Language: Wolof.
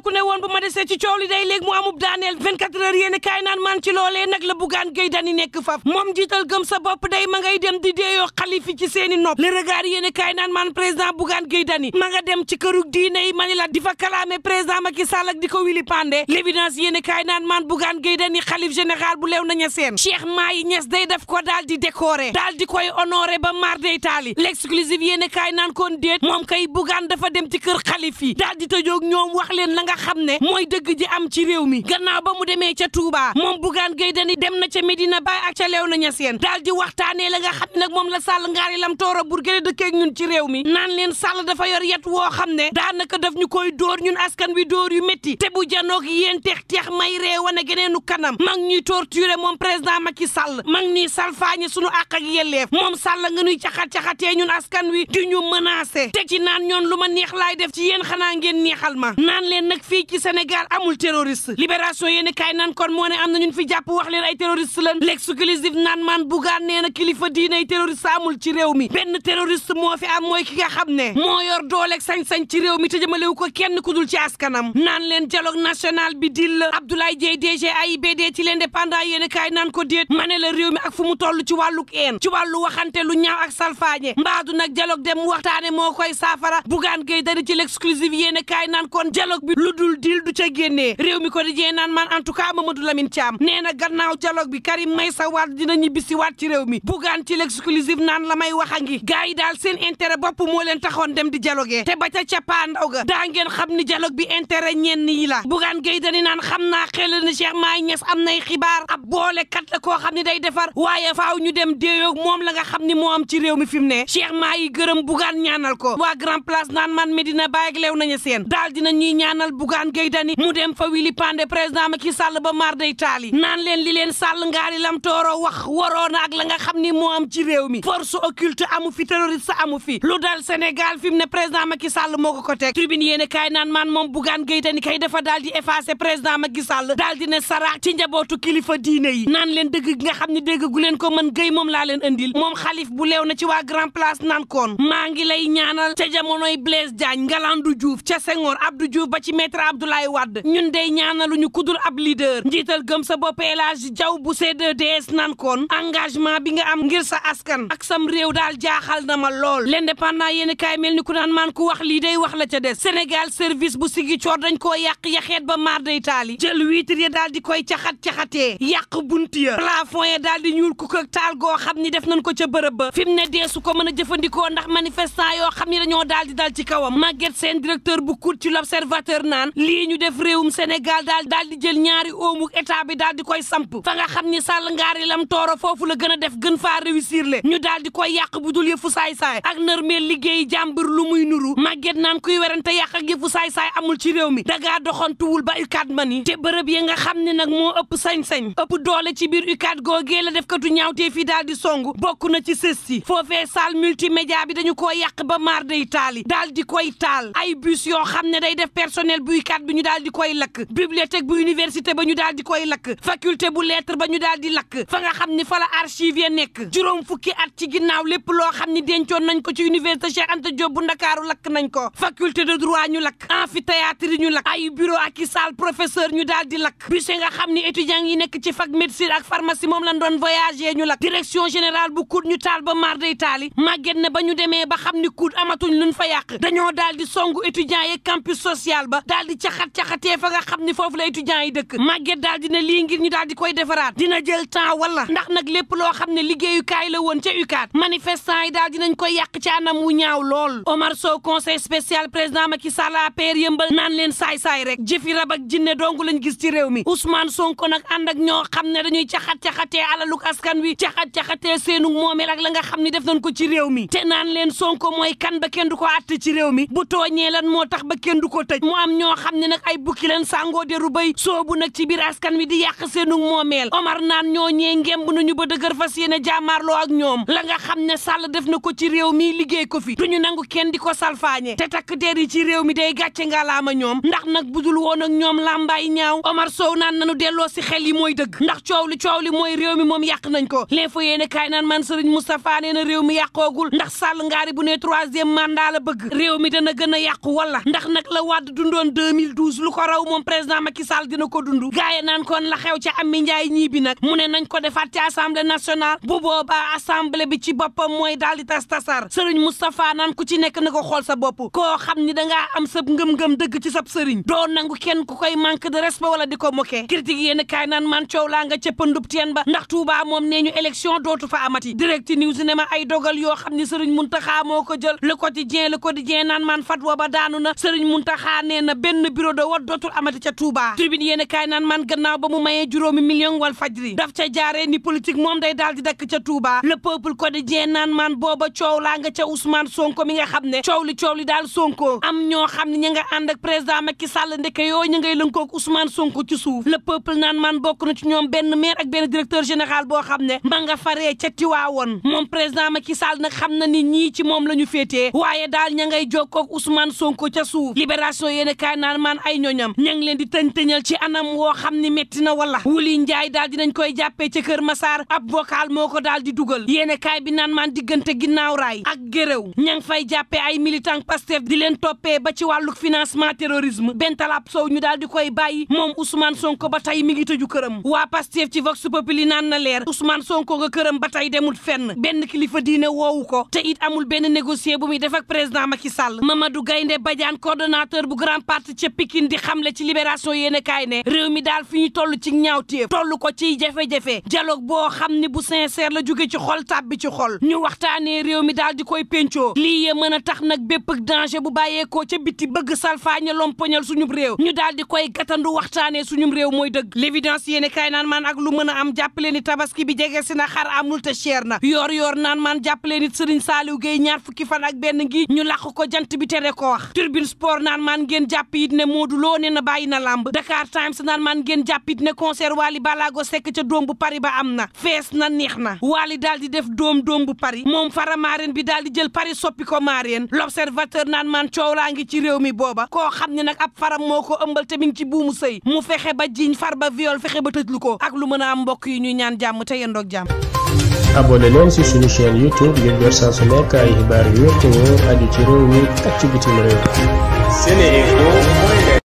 ku ne woon bu ma desee ci coow li day léegi mu amub daaneel 24 heures yéen kaay naan ci loolee nag la bugaan géy nekk faf moom jiital gëm sa day ma ngay dem di deeyoo xalifi ci seeni nopp le regard yéen kaay naan man président bugaan géy dani ma nga dem ci kërug diine i mani la di fa kalaame président Macky Sall di ko wili pandé l'évidence yéen kaay naan man bugaan géy dani xalif général bu leew na ña seen Cheikh Maye day daf ko daal di décoré daal di koy honoré ba mar day taali l'exclusive yéen kaay naan kon déet moom kay bugaan dafa dem ci kër xalif yi di tëjoog nga xam ne mooy dëgg ji am ci réew mi gannaaw ba mu demee ca Touba moom Bougane Gueye Dany dem na ca Medina Baye ak ca Léona Niassène daal di waxtaanee la nga xam ne nag moom la Sall ngaari lam toora bur gële dëkkeek ñun ci réew mi naan leen Sall dafa yor yet woo xam ne daanaka daf ñu koy dóor ñun askan wi dóor yu métti te bu janoog yéen teex teex may ree wane geneenu kanam mag ñuy torturer moom président Macky Sall mag ñuy salfaañe sunu àq ak yelleef moom Sall nga ñuy caxat-caxatee ñun askan wi di ñu menacer te ci naan ñoon lu ma neex laay def ci yéen xanaa ngeen neexal ma fii ci Sénégal amul terroriste libération yéeni kaay nan kon moo ne am na ñun fi jàpp wax leen ay terroriste lan l'exclusif naan maan bugaan nee na kilifa diinay terroriste amul ci réew mi benn terroriste moo fi am mooy ki nga xam ne moo yor dooleeg sañ-sañ ci réew mi te jëmalewu ko kenn ku dul ci askanam naan leen dialogue national bi dil la Abdoulaye Dieye DG be ci l'indépendant yéeni kaay naan ko déet ma ne la réew mi ak fu mu toll ci wàlluk een ci wàllu waxante lu ñaaw ak salfaañe mbaadu nag dialogue dem waxtaane moo koy saafara bugaan gay dari ci l'exclusif yéeni kaay naan kon dialogue bi lu dul dil du ca génnee ko di jee naan man en tout cas Mamadou Lamine Thiam nee na gannaaw bi Karim Meïssa Wade dina ñibbisi waat ci réew mi bugaan ci l'exclusive naan la may a ngi gars yi daal bopp moo leen taxoon dem di dialogue te ba ca cappaandaw ga daa ngeen xam ni dialogue bi intérêt ñenn yi la bugaan gay dani naan xam naa xel ni Cheikh Mahi Niass am nay xibaar a boole kat la ko xam ni day defar waaye faaw ñu dem déeyoog moom la nga xam ni moo am ci réew mi fi mu ne Cheikh Mahi gërëm bugaan ñaanal ko waa Grand Place naan man Medina Baye ak lew nañu seen daal dina ñuy ñaanal Bougane Gueye Dany mu dem fa wili pande président Macky Sall ba maar day taal naan leen li leen Sall ngaari lam wax waroona ak la nga xam ni moo am mi force occulte amu fi terroriste amu fi lu dal Sénégal fi mu ne président Macky Sall moo ko ko teg tribune yéen kaay naan moom Bougane Gueye Dany kay dafa daal di effacer président Macky Sall ne saraax ci njabootu kilifa diine yi naan leen dëgg gi nga xam ne dégg gu ko mën Gueye moom laa leen andil moom xalif bu leew na ci waa grand place naan koon maa ngi lay maître Abdoulaye wadd ñun dey ñaanaluñu kudul ab liider njiital gëm sa bopp El Hadji bu c 2 nan koon engagement bi nga am ngir sa askan ak sam réew daal jaaxal na ma lool l'indépendant yéen kaay mel ni ku naan maan ku wax lii day wax la ca des Sénégal service bu sigi coor dañ koo yàq yaxeet ba maar day taali jël wiitir ya daal di koy caxat-caxatee yàq bunt ya plafond ya daal di ñuul kuk ak taal goo xam ni def nañ ko ca bërëb ba fi ne deesu ko mën a jëfandikoo ndax manifestant yoo xam ni dañoo daal di ci kawam Maguette seen directeur bu cour ci l'observateur naan lii ñu def réewum Sénégal daal daal di jël ñaari oomu état bi daal di koy samp fa nga xam ni sàll ngaari lam tooro foofu la gën a def gën faa réussir le ñu daal di koy yàq bu dul yëfu saay-saay ak meel liggéey jàmbur lu muy nuru màgget naan kuy werante yàq ak yëfu saay-saay amul ci réew mi dangaa doxantuwul ba UCAD ma ni te bërëb yi nga xam ne nag moo ëpp sañ-sañ ëpp doole ci biir UCAD googee la def katu ñaawtee fi daal di song bokk na ci sës si foofee salle multimédia bi dañu koo yàq ba maar day taali daal di koy taal ay bus yoo ne day def personnel hôtel buykat bi ñu daal di koy lakk bibliothèque bu université ba ñu daal di koy lakk faculté bu lettre ba ñu daal di lakk fa nga xam ni fala la nekk juróom fukki at ci ginnaaw lépp loo xam ni dencoon nañ ko ci université Cheikh Anta Diop bu Ndakaaru lakk nañ ko faculté de droit ñu lakk amphithéâtre ñu lakk ay bureau ak i salle professeur ñu daal di lakk bus nga xam ni étudiants yi nekk ci fac médecine ak pharmacie moom lañ doon voyager ñu lakk direction générale bu COUD ñu taal ba mar day màgget na ba ñu demee ba xam ni COUD amatuñ luñ fa yàq dañoo daal di songu étudiants yi campus social ba daal di caxat caxatee fa nga xam ni foofu la étudiants yi dëkk màgget daal dina lii ngir ñu daal di koy defaraat dina jël temps wala ndax nag lépp loo xam ne liggéeyukaay la woon ca UCAD manifestant yi daal dinañ koy yàq ci anam wu ñaaw lool Omar Sow conseil spécial président Macky Sall APR yëmbal naan leen saay-saay rek jëfi rab ak jinne dong lañ gis ci réew mi Ousmane Sonko nag ànd ak ñoo xam ne dañuy caxat-caxatee alaluk askan wi caxat-caxatee seenu moomeel ak la nga xam ni def nañ ko ci réew mi te naan leen Sonko mooy kan ba kenn du ko àtt ci réew mi bu tooñee lan moo tax ba kenn du ko tëj ñoo xam ne nag ay bukki leen sàngoo deru bay soobu nag ci biir askan wi di yàq seenu moomeel Omar naan ñoo ñee ngemb nañu ba dëgër fas yéene jaamaarloo ak ñoom la nga xam ne Sall def na ko ci réew mi liggéey ko fi ñu nangu kenn di ko salfaañe te takk der yi ci réew mi day gàcce nga laama ñoom ndax nag budul woon ak ñoom làmbaay ñaaw Omar Sow naan nanu delloo si xel yi mooy dëgg ndax coow li coow li mooy réew mi moom yàq nañ ko l'info yéene kaay naan man Serigne Moustapha nee na réew mi yàqoogul ndax Sall ngaari bu ne troisième mandat la bëgg réew mi dana gën a yàqu wala ndax nag la amoon 2012 lu ko raw moom président Macky Sall dina ko dund gaaye naan kon la xew ca Amy Ndiaye nag mu nañ ko defaat ci assemblée bu boobaa assemblée bi ci boppam mooy daal di tas tasar sëriñ Moustapha naan ku ci nekk na ko xool sa bopp koo xam ni dangaa am sab ngëm-ngëm dëgg ci sab sëriñ doo nangu kenn ku koy manque de respect wala di ko moquer critique yéen kaay naan man coow laa nga cëppandub teen ba ndax Touba moom nee ñu élection dootu fa amati direct news ne ay yoo xam ni sëriñ Mountakha moo ko benn biro de vote dootul amati ca Touba tribune yéen kaay naan man gannaaw ba mu mayee juróomi million wal fajri daf ca jaaree ni politique moom day daal di dakk ca Touba le peuple quotidien naan man booba coow laa nga ca Ousmane Sonko mi nga xam ne coow li coow li daal Sonko am ñoo xam ne ña nga ànd ak président Macky Sall ndeke yoo ñu koo lënkoo ak Ousmane Sonko ci suuf le peuple naan man bokk na ci ñoom benn maire ak benn directeur général boo xam ne ma nga faree ca Tiwaawoon moom président Macky Sall nag xam na ni ñii ci moom la ñu féetee waaye daal ña ngay jokkoo ak Ousmane Sonko ca suuf libération Njaay naan maan ay ñooñam ña ngi leen di tëñ-tëñal ci anam woo xam ni metti na wala Wuli Njaay daal nañ koy jàppee ca Kër Masaar ab vocal moo ko daal di dugal yéene kaay bi naan maan diggante ginnaaw raay ak géréw ña fay jàppee ay militant Pastef di leen toppee ba ci wàllu financement terrorisme Bentalab Sow ñu daal di koy bàyyi moom Ousmane Sonko ba tey mi ngi tëju këram waa Pastef ci Vox Populi naan na leer Ousmane Sonko nga këram ba tey demul fenn benn kilifa diine woowu ko te it amul benn négocier bu muy def ak président Macky Sall Mamadou Gaynde Badiane coordonnateur bu grand Wade ca Pikine di le ci libération yéene kaay réew mi daal fi ñu toll ci ñaawteef tollu ko ci jafe-jafe dialogue boo xam ni bu sincère la jóge ci xol tàbbi ci xol ñu waxtaanee réew mi daal di koy péncoo lii yee mën a tax nag bépp danger bu bàyyeekoo ca biti bëgg salfaaña lompoñal suñub réew ñu daal di koy gatandu waxtaanee suñum réew mooy dëgg l'évidence yéene kaay naan maan ak lu mën a am jàppale ni tabaski bi jege si na xar amul te cher na yoor yoor naan maan jàppale nit Serigne Saliou Gueye ñaar fukki fan ak benn ngi ñu làq ko jant bi tere ko wax turbine sport naan maan ngeen jàpp it ne Modou Lo nee na bàyyi na làmb Dakar Times naan maan ngeen jàpp it ne concert Wally Balago Seck ca doom bu Paris ba am na fees na neex na Wally daal di def doom doom bu pari moom fara mareen bi daal di jël pari soppi ko mareen l'observateur naan maan coow laa ngi ci réew mi booba koo xam ne nag ab faram moo ko ëmbal te mi ngi ci buumu sëy mu fexe ba jiiñ far ba viol fexe ba tëjlu ko ak lu mën a am mbokk yi ñuy ñaan jàmm te yendoog jàmm abonné leen ci suñu chaîne YouTube mi ak Sénéinfo